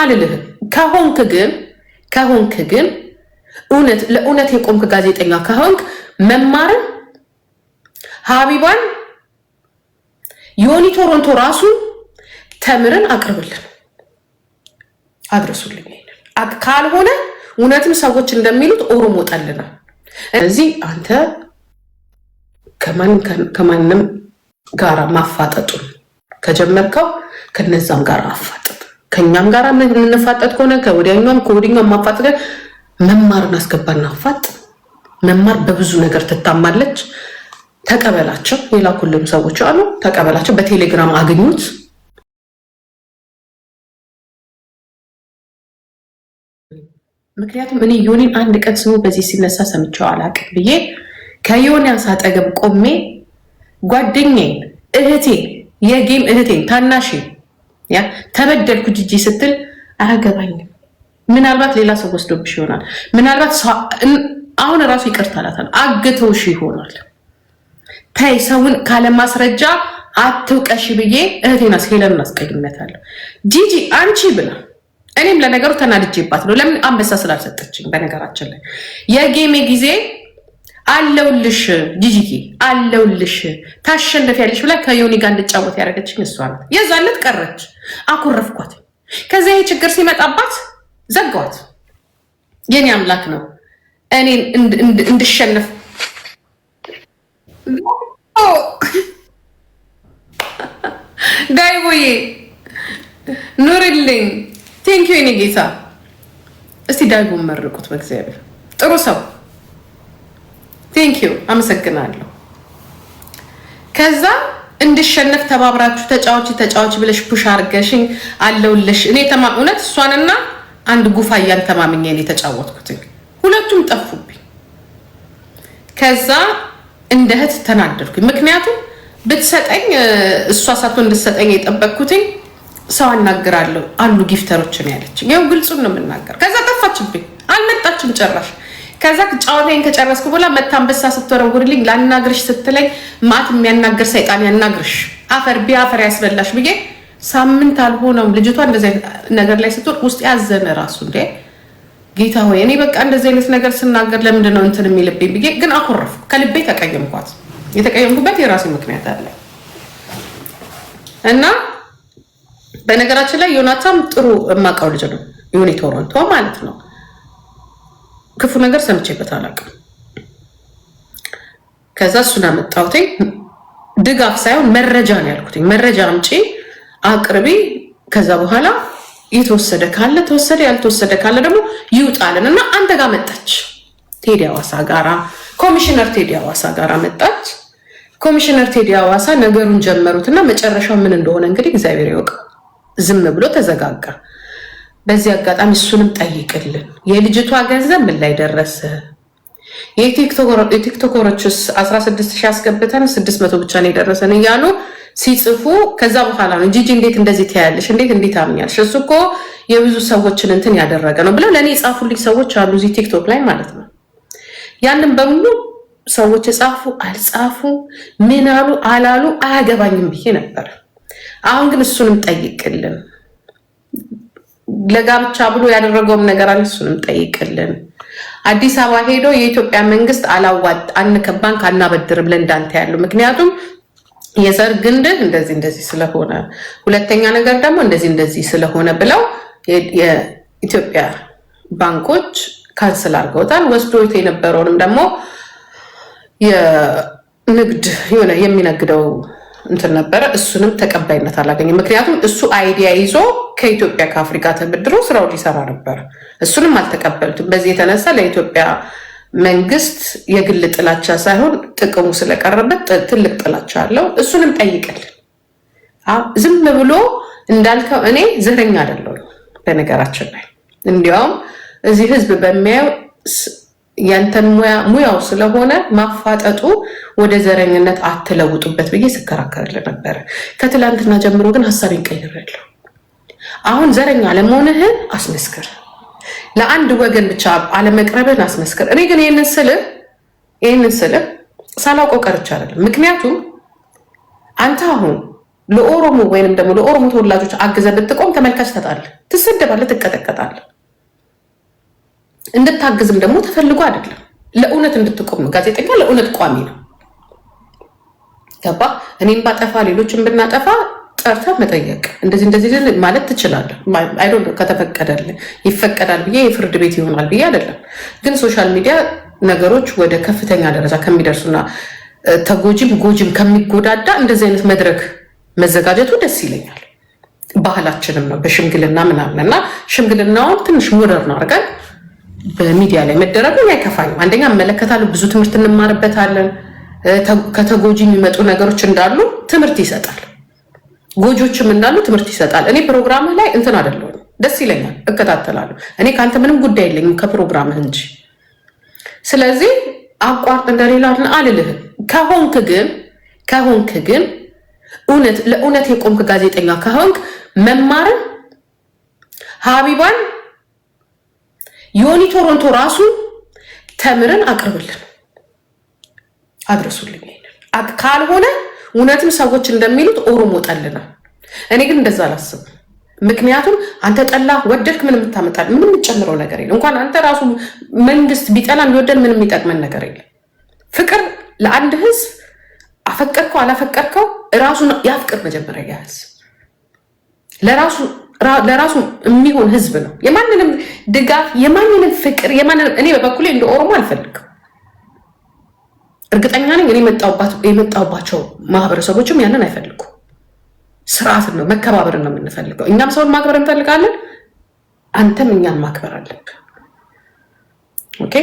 አልልህም። ከሆንክ ግን ከሆንክ ግን እውነት ለእውነት የቆምክ ጋዜጠኛ ከሆንክ መማርን ሀቢባን ዮኒ ቶሮንቶ ራሱ ተምርን አቅርብልን፣ አድረሱልኝ። ካልሆነ እውነትም ሰዎች እንደሚሉት ኦሮሞ ጠል ነው። እዚህ አንተ ከማንም ጋር ማፋጠጡን ከጀመርከው ከነዛም ጋር አፋጠጥ። ከእኛም ጋር የምንፋጠጥ ከሆነ ከወዲያኛም ከወዲኛም ማፋጥ ጋር መማርን አስገባና አፋጥ። መማር በብዙ ነገር ትታማለች። ተቀበላቸው። የላኩልም ሰዎች አሉ። ተቀበላቸው። በቴሌግራም አግኙት። ምክንያቱም እኔ ዮኒን አንድ ቀን ስሙ በዚህ ሲነሳ ሰምቼው አላውቅም ብዬ ከዮኒያስ አጠገብ ቆሜ ጓደኛዬን፣ እህቴ፣ የጌም እህቴን ታናሽ ያ ተበደልኩ ጂጂ ስትል አረገባኝም ምናልባት ሌላ ሰው ወስዶብሽ ይሆናል። ምናልባት አሁን ራሱ ይቅርታ አላታል አግተውሽ ይሆናል። ተይ ሰውን ካለማስረጃ አትውቀሽ ብዬ እህቴን ሄለንን አስቀይሜያታለሁ። ጂጂ አንቺ ብላ እኔም ለነገሩ ተናድጄባት ነው። ለምን አንበሳ ስላልሰጠችኝ። በነገራችን ላይ የጌሜ ጊዜ አለውልሽ ጂጂዬ፣ አለውልሽ ታሸንፊያለሽ ብላ ከዮኒ ጋር እንድጫወት ያደረገችኝ እሷ ናት። የዛን ዕለት ቀረች። አኮረፍኳት። ከዚያ ይሄ ችግር ሲመጣባት ዘጋዋት። የኔ አምላክ ነው እኔን እንድሸነፍ ዳይቦዬ ኑርልኝ። ቴንኪዩ የኔ ጌታ። እስቲ ዳይቦ መርቁት በእግዚአብሔር ጥሩ ሰው። ቴንኪዩ አመሰግናለሁ። ከዛ እንድሸነፍ ተባብራችሁ ተጫዋች ተጫዋች ብለሽ ፑሽ አርገሽኝ አለውለሽ እኔ ተማ እውነት እሷንና አንድ ጉፋያን ተማምኜ ነው የተጫወትኩት። ሁለቱም ጠፉብኝ። ከዛ እንደ እህት ተናደድኩኝ። ምክንያቱም ብትሰጠኝ እሷ ሳቶ እንድትሰጠኝ የጠበቅኩትኝ ሰው አናግራለሁ አሉ ጊፍተሮችን ያለች ያው ግልጹን ነው የምናገር። ከዛ ጠፋችብኝ፣ አልመጣችም ጨራሽ ከዛ ጨዋታዬን ከጨረስኩ በኋላ መታ አንበሳ ስትወረውርልኝ ላናግርሽ ስትለኝ ማት የሚያናግር ሰይጣን ያናግርሽ አፈር ቢያፈር ያስበላሽ ብዬ ሳምንት አልሆነውም ልጅቷ እንደዚህ ነገር ላይ ስትወር ውስጥ ያዘነ ራሱ እንዴ ጌታ ሆይ እኔ በቃ እንደዚህ አይነት ነገር ስናገር ለምንድን ነው እንትን የሚልብኝ ብዬ ግን አኮረፍ ከልቤ ተቀየምኳት። የተቀየምኩበት የራሴ ምክንያት አለ እና በነገራችን ላይ ዮናታም ጥሩ የማውቀው ልጅ ነው። ዩኒ ቶሮንቶ ማለት ነው ክፉ ነገር ሰምቼበት አላውቅም። ከዛ እሱን አመጣሁት። ድጋፍ ሳይሆን መረጃ ነው ያልኩት። መረጃ አምጪ አቅርቢ። ከዛ በኋላ የተወሰደ ካለ ተወሰደ፣ ያልተወሰደ ካለ ደግሞ ይውጣልን እና አንተ ጋር መጣች። ቴዲ አዋሳ ጋራ ኮሚሽነር ቴዲ አዋሳ ጋራ መጣች። ኮሚሽነር ቴዲ አዋሳ ነገሩን ጀመሩት እና መጨረሻው ምን እንደሆነ እንግዲህ እግዚአብሔር ይወቅ። ዝም ብሎ ተዘጋጋ። በዚህ አጋጣሚ እሱንም ጠይቅልን። የልጅቷ ገንዘብ ምን ላይ ደረሰ? የቲክቶከሮችስ 16 ሺህ አስገብተን 600 ብቻ ነው የደረሰን እያሉ ሲጽፉ ከዛ በኋላ ነው ጂጂ እንዴት እንደዚህ ትያለሽ? እንዴት እንዴት አምኛለሽ? እሱ እኮ የብዙ ሰዎችን እንትን ያደረገ ነው ብለው ለእኔ የጻፉልኝ ሰዎች አሉ፣ እዚህ ቲክቶክ ላይ ማለት ነው። ያንን በሙሉ ሰዎች የጻፉ አልጻፉ ምን አሉ አላሉ አያገባኝም ብዬ ነበር። አሁን ግን እሱንም ጠይቅልን። ለጋብቻ ብሎ ያደረገውም ነገር አለ። እሱንም ጠይቅልን። አዲስ አበባ ሄዶ የኢትዮጵያ መንግስት አላዋጥ አንከ ባንክ አናበድርም ለእንዳንተ ያለው ምክንያቱም የዘር ግንድህ እንደዚህ እንደዚህ ስለሆነ ሁለተኛ ነገር ደግሞ እንደዚህ እንደዚህ ስለሆነ ብለው የኢትዮጵያ ባንኮች ካንስል አድርገውታል። ወስዶት የነበረውንም ደግሞ የንግድ የሆነ የሚነግደው እንትን ነበረ። እሱንም ተቀባይነት አላገኘም። ምክንያቱም እሱ አይዲያ ይዞ ከኢትዮጵያ ከአፍሪካ ተበድሮ ስራው ሊሰራ ነበር። እሱንም አልተቀበሉትም። በዚህ የተነሳ ለኢትዮጵያ መንግስት የግል ጥላቻ ሳይሆን ጥቅሙ ስለቀረበት ትልቅ ጥላቻ አለው። እሱንም ጠይቅልን። ዝም ብሎ እንዳልከው እኔ ዘረኛ አይደለሁም። በነገራችን ላይ እንዲያውም እዚህ ህዝብ በሚያየው ያንተን ሙያው ስለሆነ ማፋጠጡ ወደ ዘረኝነት አትለውጡበት ብዬ ስከራከርል ነበረ። ከትላንትና ጀምሮ ግን ሀሳቤን ቀይሬያለሁ። አሁን ዘረኛ አለመሆንህን አስመስክር፣ ለአንድ ወገን ብቻ አለመቅረብህን አስመስክር። እኔ ግን ይህንን ስልህ ይህንን ስልህ ሳላውቀው ቀርቼ አይደለም። ምክንያቱም አንተ አሁን ለኦሮሞ ወይንም ደግሞ ለኦሮሞ ተወላጆች አግዘ ብትቆም ተመልካች ተጣል፣ ትሰደባለህ፣ ትቀጠቀጣለህ እንድታግዝም ደግሞ ተፈልጎ አይደለም። ለእውነት እንድትቆም ጋዜጠኛ ለእውነት ቋሚ ነው። ገባ እኔም ባጠፋ ሌሎችን ብናጠፋ ጠርተ መጠየቅ እንደዚህ እንደዚህ ማለት ትችላለህ። አይዶ ከተፈቀደል ይፈቀዳል ብዬ የፍርድ ቤት ይሆናል ብዬ አይደለም። ግን ሶሻል ሚዲያ ነገሮች ወደ ከፍተኛ ደረጃ ከሚደርሱና ተጎጂም ጎጂም ከሚጎዳዳ እንደዚህ አይነት መድረክ መዘጋጀቱ ደስ ይለኛል። ባህላችንም ነው በሽምግልና ምናምን እና ሽምግልናውን ትንሽ ሞደርን አድርገን በሚዲያ ላይ መደረጉ አይከፋኝም። አንደኛ እመለከታለሁ፣ ብዙ ትምህርት እንማርበታለን። ከተጎጂ የሚመጡ ነገሮች እንዳሉ ትምህርት ይሰጣል፣ ጎጆችም እንዳሉ ትምህርት ይሰጣል። እኔ ፕሮግራምህ ላይ እንትን አደለሁ፣ ደስ ይለኛል፣ እከታተላለሁ። እኔ ከአንተ ምንም ጉዳይ የለኝም ከፕሮግራምህ እንጂ። ስለዚህ አቋርጥ እንደሌላ አልልህም። ከሆንክ ግን ከሆንክ ግን እውነት ለእውነት የቆምክ ጋዜጠኛ ከሆንክ መማርን ሀቢባን ዮኒ ቶሮንቶ ራሱ ተምርን አቅርብልን አድረሱልኝ። ካልሆነ እውነትም ሰዎች እንደሚሉት ኦሮሞ ጠል ነው። እኔ ግን እንደዛ አላስብም። ምክንያቱም አንተ ጠላ ወደድክ ምን የምታመጣል? ምንም የምጨምረው ነገር የለም። እንኳን አንተ ራሱ መንግስት ቢጠላ ቢወደን ምንም የሚጠቅመን ነገር የለም። ፍቅር ለአንድ ህዝብ አፈቀርከው አላፈቀርከው ራሱን ያፍቅር መጀመሪያ ያህዝ ለራሱ ለራሱ የሚሆን ህዝብ ነው። የማንንም ድጋፍ፣ የማንንም ፍቅር፣ የማንንም እኔ በበኩሌ እንደ ኦሮሞ አልፈልግም። እርግጠኛ ነኝ እኔ የመጣሁባቸው ማህበረሰቦችም ያንን አይፈልጉ። ስርዓትን ነው መከባበርን ነው የምንፈልገው። እኛም ሰውን ማክበር እንፈልጋለን። አንተም እኛን ማክበር አለብን። ኦኬ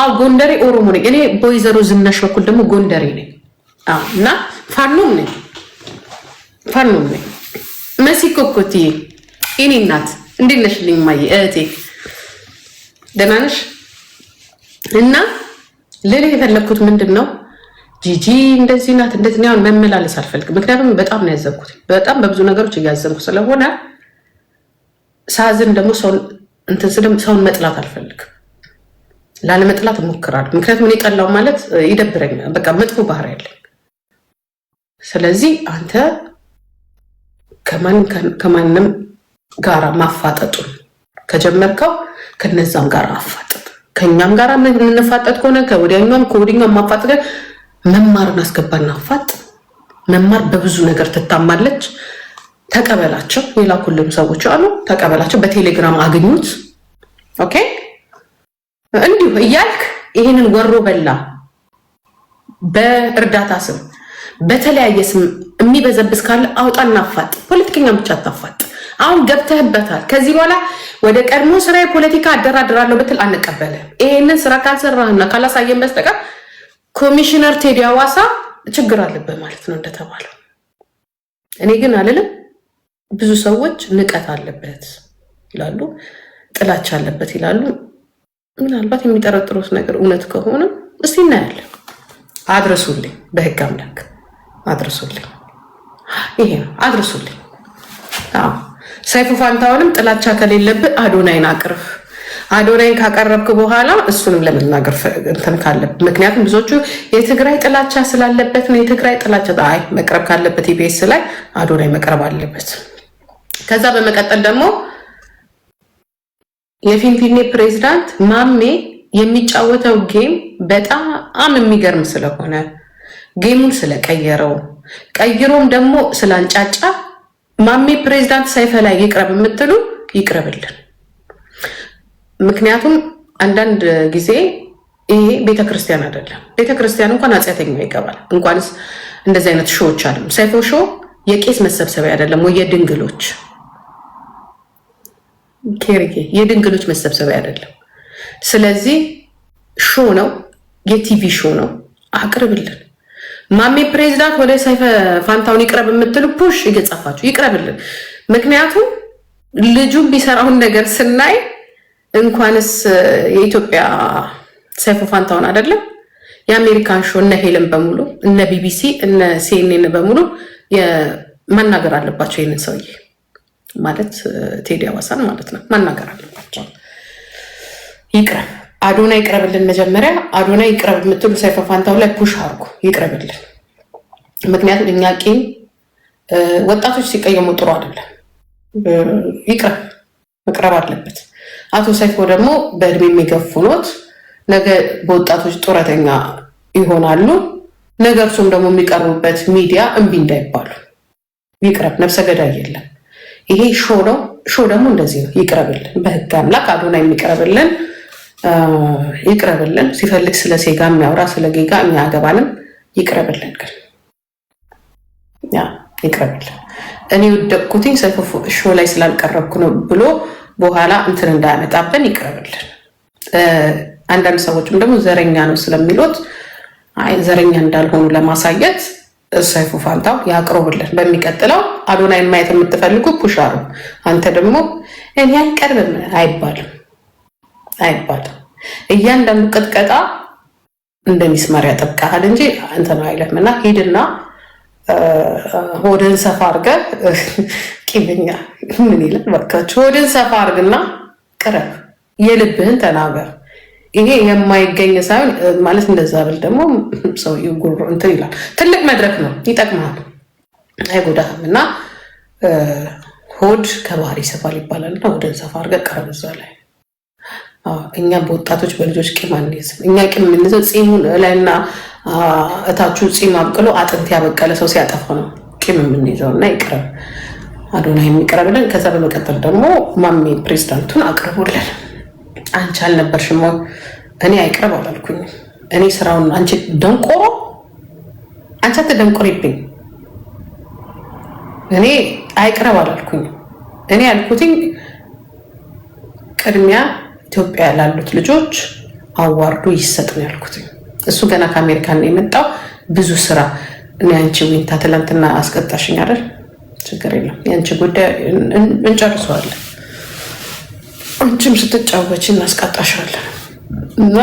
አዎ ጎንደሬ ኦሮሞ ነኝ እኔ በወይዘሮ ዝናሽ በኩል ደግሞ ጎንደሬ ነኝ እና ፋኖም ነኝ ፋኖም ነኝ መሲ ኮኮቲ የኔ እናት እንዴት ነሽልኝ? ማየ እህቴ ደህና ነሽ? እና ለኔ የፈለግኩት ምንድን ነው ጂጂ እንደዚህ ናት እንደዚህ ነው መመላለስ አልፈልግም። ምክንያቱም በጣም ነው ያዘንኩት። በጣም በብዙ ነገሮች እያዘንኩ ስለሆነ ሳዝን ደግሞ ሰውን እንትን ስለም ሰውን መጥላት አልፈልግም። ላለመጥላት እሞክራለሁ። ምክንያቱም እኔ ጠላው ማለት ይደብረኛል። በቃ መጥፎ ባህሪ ያለኝ ስለዚህ አንተ ከማንም ጋራ ማፋጠጡን ከጀመርከው ከነዛም ጋር አፋጠጥ። ከእኛም ጋር የምንፋጠጥ ከሆነ ከወዲያኛም ከወዲኛም ማፋጠጥ መማርን አስገባና አፋጥ። መማር በብዙ ነገር ትታማለች። ተቀበላቸው። የላኩልም ሰዎች አሉ። ተቀበላቸው። በቴሌግራም አግኙት። ኦኬ እንዲሁ እያልክ ይህንን ወሮ በላ በእርዳታ ስም በተለያየ ስም የሚበዘብዝ ካለ አውጣና አፋጥ። ፖለቲከኛ ብቻ አታፋጥ። አሁን ገብተህበታል። ከዚህ በኋላ ወደ ቀድሞ ስራ የፖለቲካ አደራድራለሁ ብትል አንቀበልም። ይሄንን ስራ ካልሰራህና ካላሳየን በስተቀር ኮሚሽነር ቴዲ አዋሳ ችግር አለበት ማለት ነው እንደተባለው። እኔ ግን አልልም። ብዙ ሰዎች ንቀት አለበት ይላሉ፣ ጥላቻ አለበት ይላሉ። ምናልባት የሚጠረጥሩት ነገር እውነት ከሆነ እስቲ እናያለን። አድረሱልኝ በህግ አምላክ አድርሱልኝ። ይሄ ነው አድርሱልኝ። ሰይፉ ፋንታሁንም ጥላቻ ከሌለብህ አዶናይን አቅርብ። አዶናይን ካቀረብክ በኋላ እሱንም ለመናገር እንትን ካለብ ምክንያቱም ብዙዎቹ የትግራይ ጥላቻ ስላለበት ነው። የትግራይ ጥላቻ አይ መቅረብ ካለበት ኢቢኤስ ላይ አዶናይ መቅረብ አለበት። ከዛ በመቀጠል ደግሞ የፊንፊኔ ፕሬዚዳንት ማሜ የሚጫወተው ጌም በጣም የሚገርም ስለሆነ ጌሙን ስለቀየረው ቀይሮም ደግሞ ስላንጫጫ ማሚ ፕሬዚዳንት ሰይፈ ላይ ይቅረብ የምትሉ ይቅረብልን። ምክንያቱም አንዳንድ ጊዜ ይሄ ቤተክርስቲያን አይደለም። ቤተክርስቲያን እንኳን አጽተኛው ይገባል። እንኳንስ እንደዚህ አይነት ሾዎች አሉ። ሰይፎ ሾ የቄስ መሰብሰቢያ አይደለም ወይ? የድንግሎች ኬሪኬ የድንግሎች መሰብሰቢያ አይደለም። ስለዚህ ሾ ነው፣ የቲቪ ሾ ነው። አቅርብልን። ማሜ ፕሬዚዳንት ወደ ሰይፈ ፋንታውን ይቅረብ የምትሉ ፑሽ እየጻፋችሁ ይቅረብልን። ምክንያቱም ልጁ ቢሰራውን ነገር ስናይ እንኳንስ የኢትዮጵያ ሰይፈ ፋንታውን አይደለም የአሜሪካን ሾ እነ ሄልን በሙሉ እነ ቢቢሲ እነ ሲኤንኤን በሙሉ ማናገር አለባቸው። ይህንን ሰውዬ ማለት ቴዲ አዋሳን ማለት ነው መናገር አለባቸው። ይቅረብ አዶና ይቅረብልን። መጀመሪያ አዶና ይቅረብ የምትሉ ሰይፈ ፋንታው ላይ ፑሽ አርጉ፣ ይቅረብልን። ምክንያቱም እኛ ቂም ወጣቶች ሲቀየሙ ጥሩ አይደለም። ይቅረብ፣ መቅረብ አለበት። አቶ ሰይፎ ደግሞ በእድሜ የሚገፉ ኖት፣ ነገ በወጣቶች ጡረተኛ ይሆናሉ። ነገ እርሱም ደግሞ የሚቀርቡበት ሚዲያ እምቢ እንዳይባሉ ይቅረብ። ነፍሰ ገዳይ የለም። ይሄ ሾ ነው። ሾ ደግሞ እንደዚህ ነው። ይቅረብልን፣ በህግ አምላክ አዶና የሚቀረብልን ይቅረብልን። ሲፈልግ ስለ ሴጋ የሚያወራ ስለ ጌጋ እኛ ይቅረብልን ግን ይቅረብልን። እኔ ወደቅኩትኝ ሰይፉ ሾ ላይ ስላልቀረብኩ ነው ብሎ በኋላ እንትን እንዳያመጣብን ይቅረብልን። አንዳንድ ሰዎችም ደግሞ ዘረኛ ነው ስለሚሉት ዘረኛ እንዳልሆኑ ለማሳየት ሰይፉ ፋንታው ያቅርብልን። በሚቀጥለው አዶናይን ማየት የምትፈልጉ ፑሻሩ አንተ ደግሞ እኔ አይቀርብም አይባልም። አይባል እያንዳንዱ ቅጥቀጣ እንደ ሚስማር ያጠብቃል እንጂ እንትን አይለም። እና ሂድና ሆድን ሰፋ አድርገህ ቂበኛ ምን ይላል በቃች፣ ሆድን ሰፋ አድርግና ቅረብ፣ የልብህን ተናገር። ይሄ የማይገኝ ሳይሆን ማለት እንደዛ ብል ደግሞ ሰው እንትን ይላል። ትልቅ መድረክ ነው፣ ይጠቅምሃል፣ አይጎዳህም። እና ሆድ ከባህሪ ይሰፋል ይባላል። እና ሆድን ሰፋ አድርገህ ቅረብ እዛ ላይ እኛ በወጣቶች በልጆች ቂም አንይዝም። እኛ ቂም የምንይዘው ፂሙን ላይና እታቹ ፂም አብቅሎ አጥንት ያበቀለ ሰው ሲያጠፋ ነው ቂም የምንይዘው እና ይቅረብ አዶና የሚቀረብ ከዛ በመቀጠል ደግሞ ማሜ ፕሬዚዳንቱን አቅርቦለን አንቺ አልነበርሽም ሽሞ እኔ አይቅረብ አላልኩኝ። እኔ ስራውን አንቺ ደንቆሮ አንቺ አትደንቆሪብኝ። እኔ አይቅረብ አላልኩኝ። እኔ ያልኩትኝ ቅድሚያ ኢትዮጵያ ላሉት ልጆች አዋርዱ ይሰጥ ነው ያልኩት። እሱ ገና ከአሜሪካ ነው የመጣው። ብዙ ስራ እኔ አንቺ ዊንታ ትላንትና አስቀጣሽኝ አይደል? ችግር የለም የአንቺ ጉዳይ እንጨርሰዋለን። አንቺም ስትጫወች እናስቀጣሻለን እና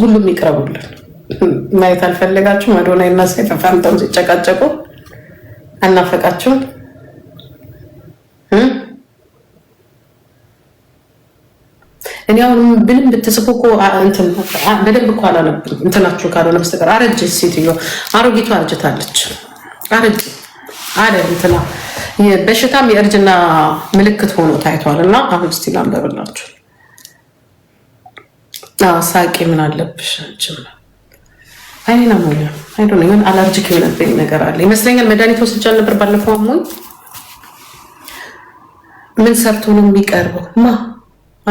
ሁሉም ይቅረቡልን። ማየት አልፈለጋችሁ መዶና እና ሰይፉ ፋንታሁን ሲጨቃጨቁ አናፈቃችሁን? እኔ አሁን ብልም ብትጽፉ እኮ በደንብ እኮ አላነብም እንትናችሁ ካልሆነ በስተቀር አሮጊቱ አርጅታለች። አረጅ አለ እንትና በሽታም የእርጅና ምልክት ሆኖ ታይቷል። እና አሁን ላንበብላችሁ። ሳቂ ምን አለብሽ አይኔና ሞኛ አይዶ ምን የሆነብኝ ነገር አለ ይመስለኛል። መድኃኒት ነበር ባለፈው አሞኝ ምን ሰርቶ ነው የሚቀርበው ማ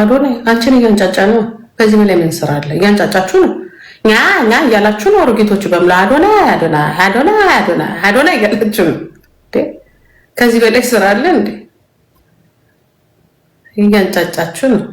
አዶናይ አንቺን እያንጫጫ ነው። ከዚህ በላይ ምን ስራ አለ? እያንጫጫችሁ ነው ኛ ኛ እያላችሁ ነው። አሮጌቶቹ በምላ አዶናይ አዶና አዶና አዶና አዶናይ እያላችሁ ነው። ከዚህ በላይ ስራ አለ እንዴ? እያንጫጫችሁ ነው።